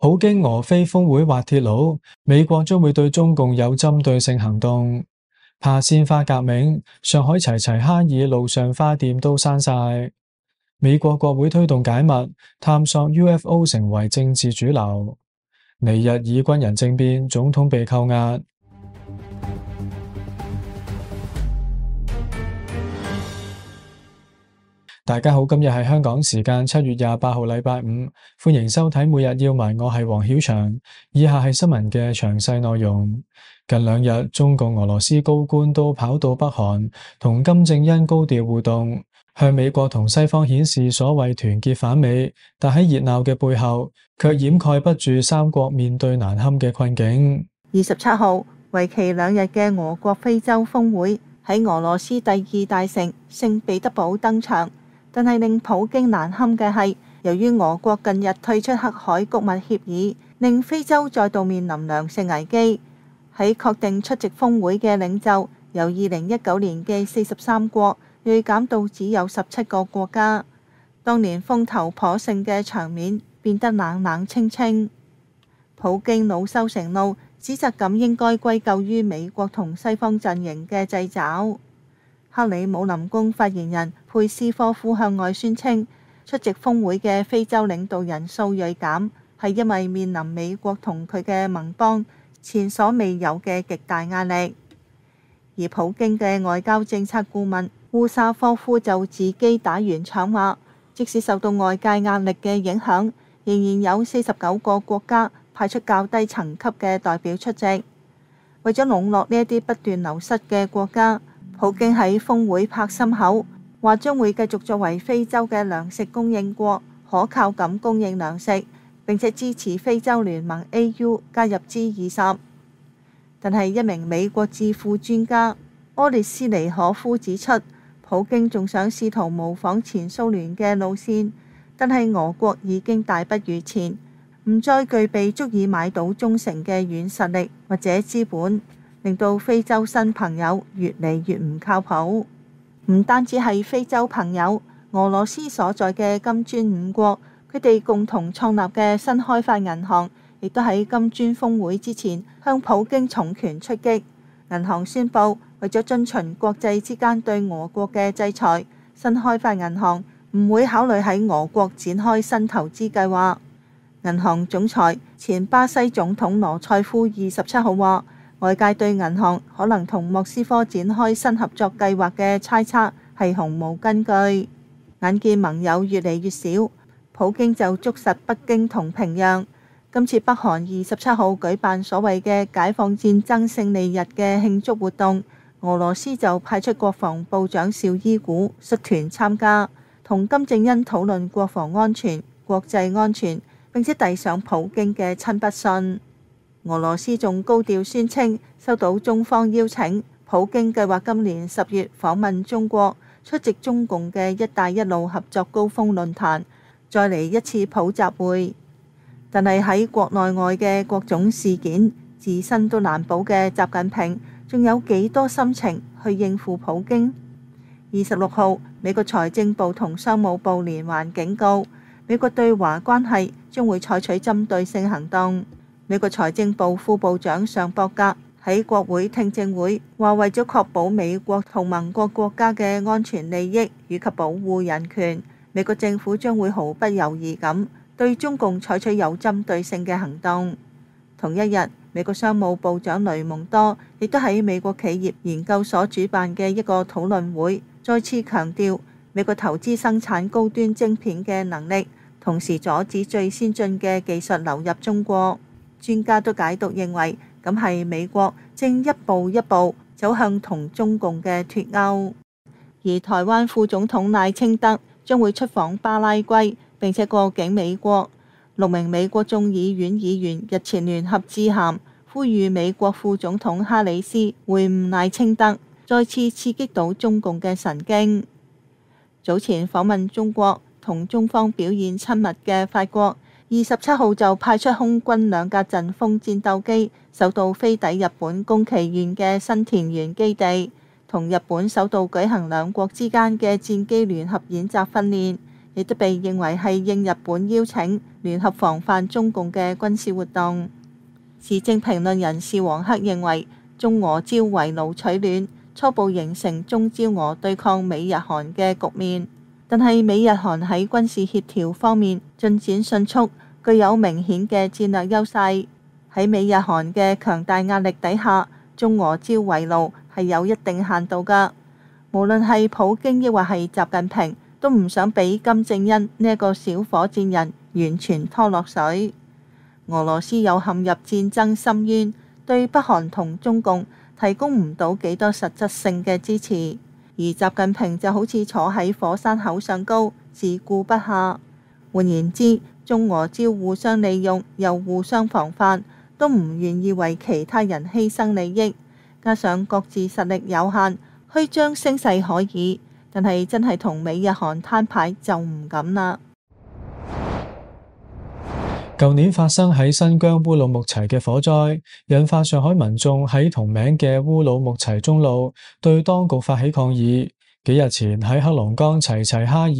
普京俄非峰會滑鐵盧，美國將會對中共有針對性行動，怕鮮花革命？上海齊齊哈爾路上花店都閂晒。美國國會推動解密，探索 UFO 成為政治主流。尼日爾軍人政變，總統被扣押。大家好，今日係香港時間七月廿八號，禮拜五，歡迎收睇每日要聞。我係黃曉翔，以下係新聞嘅詳細內容。近兩日，中共、俄羅斯高官都跑到北韓同金正恩高調互動，向美國同西方顯示所謂團結反美。但喺熱鬧嘅背後，卻掩蓋不住三國面對難堪嘅困境。二十七號為期兩日嘅俄國非洲峰會喺俄羅斯第二大城聖彼得堡登場。但係令普京難堪嘅係，由於俄國近日退出黑海穀物協議，令非洲再度面臨糧食危機。喺確定出席峰會嘅領袖，由二零一九年嘅四十三國，銳減到只有十七個國家。當年風頭頗盛嘅場面，變得冷冷清清。普京惱羞成怒，指責噉應該歸咎於美國同西方陣營嘅掣肘。克里姆林宮發言人佩斯科夫向外宣稱，出席峰會嘅非洲領導人數鋭減，係因為面臨美國同佢嘅盟邦前所未有嘅極大壓力。而普京嘅外交政策顧問烏沙科夫就自己打完場話，即使受到外界壓力嘅影響，仍然有四十九個國家派出較低層級嘅代表出席，為咗籠絡呢一啲不斷流失嘅國家。普京喺峰會拍心口，話將會繼續作為非洲嘅糧食供應國可靠咁供應糧食，並且支持非洲聯盟 AU 加入 G 二十。但係一名美國智庫專家柯列斯尼可夫指出，普京仲想試圖模仿前蘇聯嘅路線，但係俄國已經大不如前，唔再具備足以買到忠誠嘅軟實力或者資本。令到非洲新朋友越嚟越唔靠譜，唔單止係非洲朋友，俄羅斯所在嘅金磚五國，佢哋共同創立嘅新開發銀行，亦都喺金磚峰會之前向普京重拳出擊，銀行宣布為咗遵循國際之間對俄國嘅制裁，新開發銀行唔會考慮喺俄國展開新投資計劃，銀行總裁前巴西總統羅塞夫二十七號話。外界對銀行可能同莫斯科展開新合作計劃嘅猜測係毫無根據。眼見盟友越嚟越少，普京就捉實北京同平壤。今次北韓二十七號舉辦所謂嘅解放戰爭勝利日嘅慶祝活動，俄羅斯就派出國防部長邵伊古率團參加，同金正恩討論國防安全、國際安全，並且遞上普京嘅親筆信。俄羅斯仲高調宣稱收到中方邀請，普京計劃今年十月訪問中國，出席中共嘅“一帶一路”合作高峰論壇，再嚟一次普習會。但係喺國內外嘅各種事件，自身都難保嘅習近平，仲有幾多心情去應付普京？二十六號，美國財政部同商務部連環警告，美國對華關係將會採取針對性行動。美國財政部副部長尚博格喺國會聽證會話，為咗確保美國同盟國國家嘅安全利益以及保護人權，美國政府將會毫不猶豫咁對中共採取有針對性嘅行動。同一日，美國商務部長雷蒙多亦都喺美國企業研究所主辦嘅一個討論會，再次強調美國投資生產高端晶片嘅能力，同時阻止最先進嘅技術流入中國。專家都解讀認為，咁係美國正一步一步走向同中共嘅脫鉤。而台灣副總統賴清德將會出訪巴拉圭並且過境美國。六名美國眾議院議員日前聯合致函，呼籲美國副總統哈里斯會晤賴清德，再次刺激到中共嘅神經。早前訪問中國同中方表現親密嘅法國，二十七號就派出空軍兩架陣風戰鬥機，首度飛抵日本宮崎縣嘅新田原基地，同日本首度舉行兩國之間嘅戰機聯合演習訓練，亦都被認為係應日本邀請，聯合防範中共嘅軍事活動。時政評論人士黃克認為，中俄朝圍爐取暖，初步形成中朝俄對抗美日韓嘅局面。但係美日韓喺軍事協調方面進展迅速，具有明顯嘅戰略優勢。喺美日韓嘅強大壓力底下，中俄朝圍爐係有一定限度㗎。無論係普京亦或係習近平，都唔想俾金正恩呢個小火箭人完全拖落水。俄羅斯又陷入戰爭深淵，對北韓同中共提供唔到幾多實質性嘅支持。而習近平就好似坐喺火山口上高，自顧不暇。換言之，中俄朝互相利用又互相防範，都唔願意為其他人犧牲利益。加上各自實力有限，虛張聲勢可以，但係真係同美日韓攤牌就唔敢啦。舊年發生喺新疆烏魯木齊嘅火災，引發上海民眾喺同名嘅烏魯木齊中路對當局發起抗議。幾日前，喺黑龍江齊齊哈爾，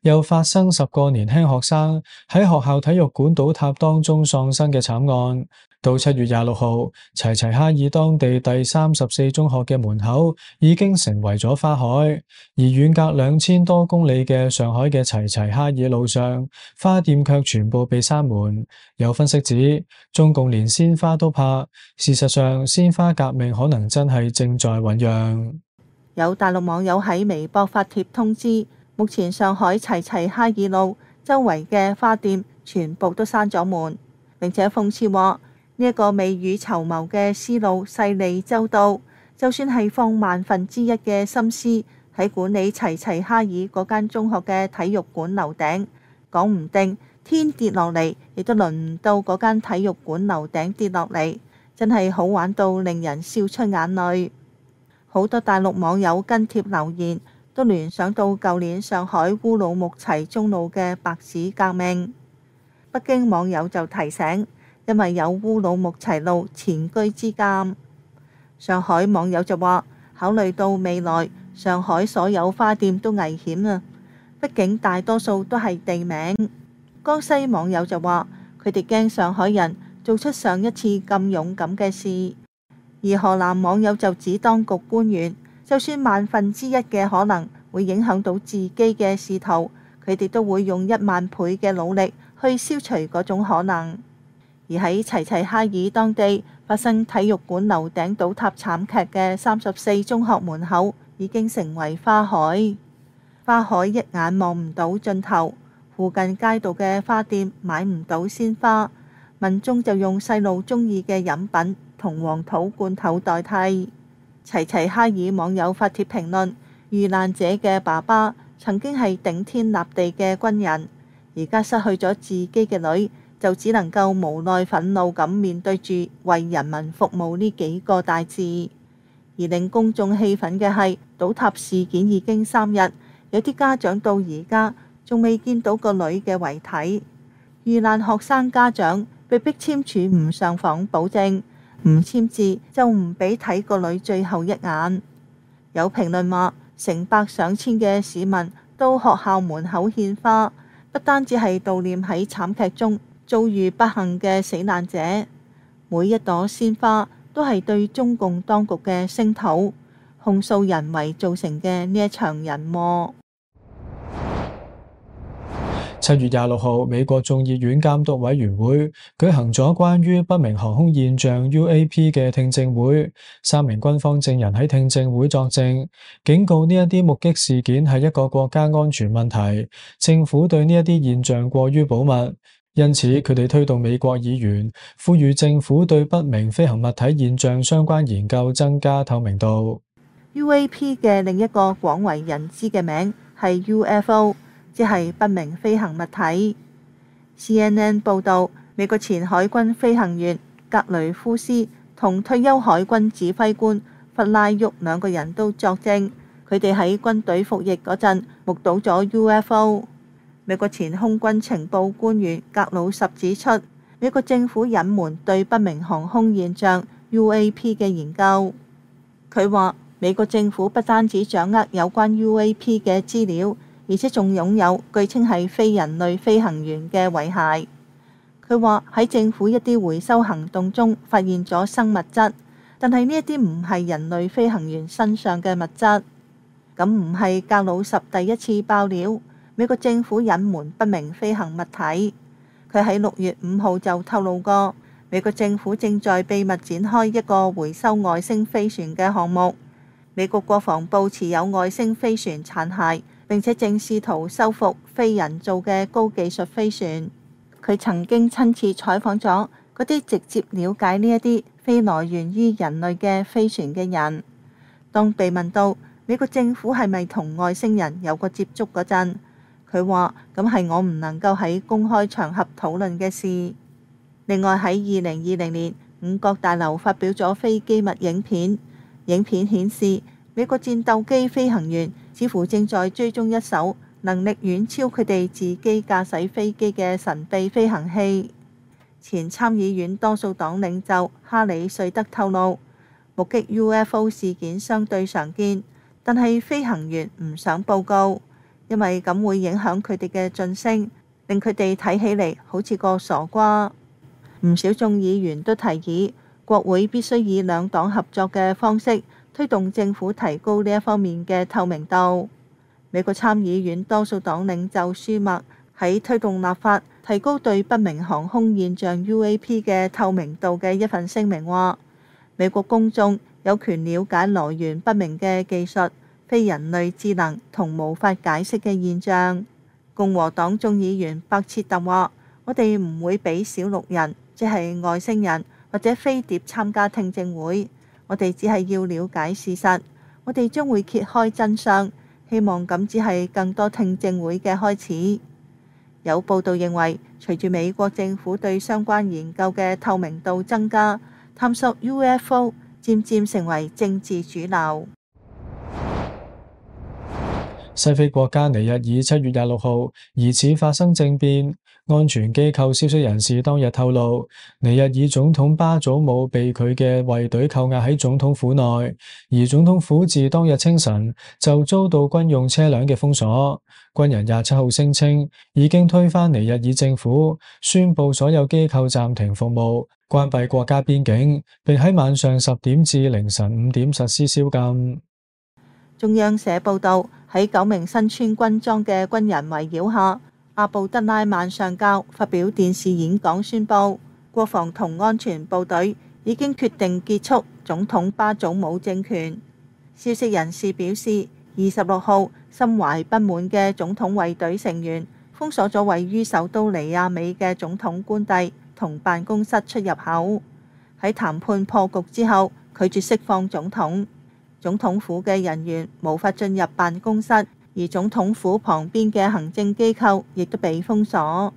又發生十個年輕學生喺學校體育館倒塌當中喪生嘅慘案。到七月廿六號，齊齊哈爾當地第三十四中學嘅門口已經成為咗花海，而遠隔兩千多公里嘅上海嘅齊齊哈爾路上，花店卻全部被閂門。有分析指，中共連鮮花都怕，事實上，鮮花革命可能真係正在醞釀。有大陸網友喺微博發帖通知，目前上海齊齊哈爾路周圍嘅花店全部都閂咗門，並且諷刺話。呢個未雨綢繆嘅思路細膩周到，就算係放萬分之一嘅心思喺管理齊齊哈爾嗰間中學嘅體育館樓頂，講唔定天跌落嚟，亦都輪唔到嗰間體育館樓頂跌落嚟，真係好玩到令人笑出眼淚。好多大陸網友跟帖留言，都聯想到舊年上海烏魯木齊中路嘅白紙革命。北京網友就提醒。因為有烏魯木齊路前居之鑑，上海網友就話：考慮到未來上海所有花店都危險啊，畢竟大多數都係地名。江西網友就話：佢哋驚上海人做出上一次咁勇敢嘅事，而河南網友就指當局官員，就算萬分之一嘅可能會影響到自己嘅仕途，佢哋都會用一萬倍嘅努力去消除嗰種可能。而喺齊齊哈爾當地發生體育館樓頂倒塌慘劇嘅三十四中學門口，已經成為花海。花海一眼望唔到盡頭，附近街道嘅花店買唔到鮮花，民眾就用細路鍾意嘅飲品同黃土罐頭代替。齊齊哈爾網友發帖評論：遇難者嘅爸爸曾經係頂天立地嘅軍人，而家失去咗自己嘅女。就只能夠無奈憤怒咁面對住為人民服務呢幾個大字，而令公眾氣憤嘅係倒塌事件已經三日，有啲家長到而家仲未見到個女嘅遺體。遇難學生家長被逼簽署唔上訪保證，唔簽字就唔俾睇個女最後一眼。有評論話，成百上千嘅市民到學校門口獻花，不單止係悼念喺慘劇中。遭遇不幸嘅死難者，每一朵鮮花都係對中共當局嘅聲討，控訴人為造成嘅呢一場人禍。七月廿六號，美國眾議院監督委員會舉行咗關於不明航空現象 UAP 嘅聽證會，三名軍方證人喺聽證會作證，警告呢一啲目擊事件係一個國家安全問題，政府對呢一啲現象過於保密。因此，佢哋推動美國議員呼籲政府對不明飛行物體現象相關研究增加透明度。UAP 嘅另一個廣為人知嘅名係 UFO，即係不明飛行物體。CNN 報道，美國前海軍飛行員格雷夫斯同退休海軍指揮官弗拉沃兩個人都作證，佢哋喺軍隊服役嗰陣目睹咗 UFO。美國前空軍情報官員格魯什指出，美國政府隱瞞對不明航空現象 UAP 嘅研究。佢話：美國政府不單止掌握有關 UAP 嘅資料，而且仲擁有據稱係非人類飛行員嘅遺骸。佢話喺政府一啲回收行動中發現咗生物質，但係呢一啲唔係人類飛行員身上嘅物質。咁唔係格魯什第一次爆料。美國政府隱瞞不明飛行物體，佢喺六月五號就透露過，美國政府正在秘密展開一個回收外星飛船嘅項目。美國國防部持有外星飛船殘骸，並且正試圖修復非人造嘅高技術飛船。佢曾經親自採訪咗嗰啲直接了解呢一啲非來源於人類嘅飛船嘅人。當被問到美國政府係咪同外星人有過接觸嗰陣，佢話：咁係我唔能夠喺公開場合討論嘅事。另外喺二零二零年，五角大樓發表咗非機密影片，影片顯示美國戰鬥機飛行員似乎正在追蹤一艘能力遠超佢哋自己駕駛飛機嘅神秘飛行器。前參議院多數黨領袖哈里瑞德透露，目擊 UFO 事件相對常見，但係飛行員唔想報告。因為咁會影響佢哋嘅晉升，令佢哋睇起嚟好似個傻瓜。唔少眾議員都提議，國會必須以兩黨合作嘅方式推動政府提高呢一方面嘅透明度。美國參議院多數黨領袖舒默喺推動立法提高對不明航空現象 UAP 嘅透明度嘅一份聲明話：美國公眾有權了解來源不明嘅技術。非人類智能同無法解釋嘅現象，共和黨眾議員白切特話：我哋唔會俾小綠人即係外星人或者飛碟參加聽證會，我哋只係要了解事實，我哋將會揭開真相。希望咁只係更多聽證會嘅開始。有報道認為，隨住美國政府對相關研究嘅透明度增加，探索 UFO 漸漸成為政治主流。西非國家尼日爾七月廿六號疑似發生政變，安全機構消息人士當日透露，尼日爾總統巴祖姆被佢嘅衛隊扣押喺總統府內，而總統府自當日清晨就遭到軍用車輛嘅封鎖。軍人廿七號聲稱已經推翻尼日爾政府，宣佈所有機構暫停服務，關閉國家邊境，並喺晚上十點至凌晨五點實施宵禁。中央社報道。喺九名身穿軍裝嘅軍人圍繞下，阿布德拉曼上校發表電視演講宣布，宣佈國防同安全部隊已經決定結束總統巴祖姆政權。消息人士表示，二十六號心懷不滿嘅總統衛隊成員封鎖咗位於首都尼亞美嘅總統官邸同辦公室出入口。喺談判破局之後，拒絕釋放總統。總統府嘅人員無法進入辦公室，而總統府旁邊嘅行政機構亦都被封鎖。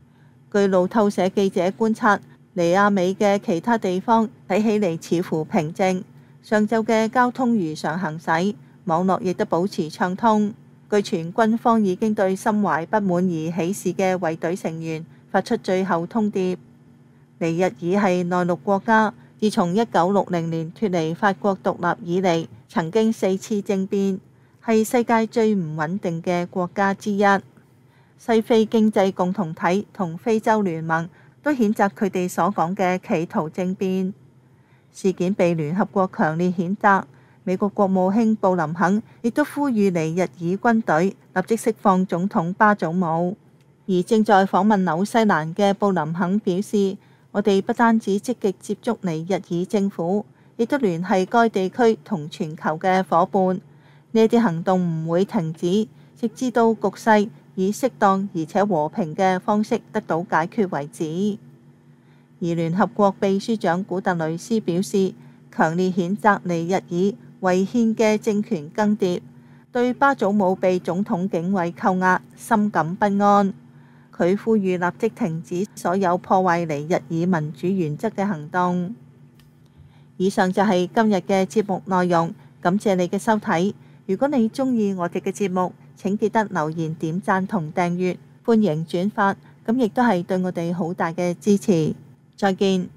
據路透社記者觀察，尼亞美嘅其他地方睇起嚟似乎平靜。上晝嘅交通如常行駛，網絡亦都保持暢通。據傳軍方已經對心懷不滿而起事嘅衛隊成員發出最後通牒。尼日爾係內陸國家，自從一九六零年脱離法國獨立以嚟。曾經四次政變，係世界最唔穩定嘅國家之一。西非經濟共同體同非洲聯盟都譴責佢哋所講嘅企圖政變。事件被聯合國強烈譴責。美國國務卿布林肯亦都呼籲尼日爾軍隊立即釋放總統巴祖姆。而正在訪問紐西蘭嘅布林肯表示，我哋不單止積極接觸尼日爾政府。亦都聯繫該地區同全球嘅伙伴，呢啲行動唔會停止，直至到局勢以適當而且和平嘅方式得到解決為止。而聯合國秘書長古特雷斯表示，強烈譴責尼日爾違憲嘅政權更迭，對巴祖姆被總統警衛扣押深感不安。佢呼籲立即停止所有破壞尼日爾民主原則嘅行動。以上就係今日嘅節目內容，感謝你嘅收睇。如果你鍾意我哋嘅節目，請記得留言、點讚同訂閱，歡迎轉發，咁亦都係對我哋好大嘅支持。再見。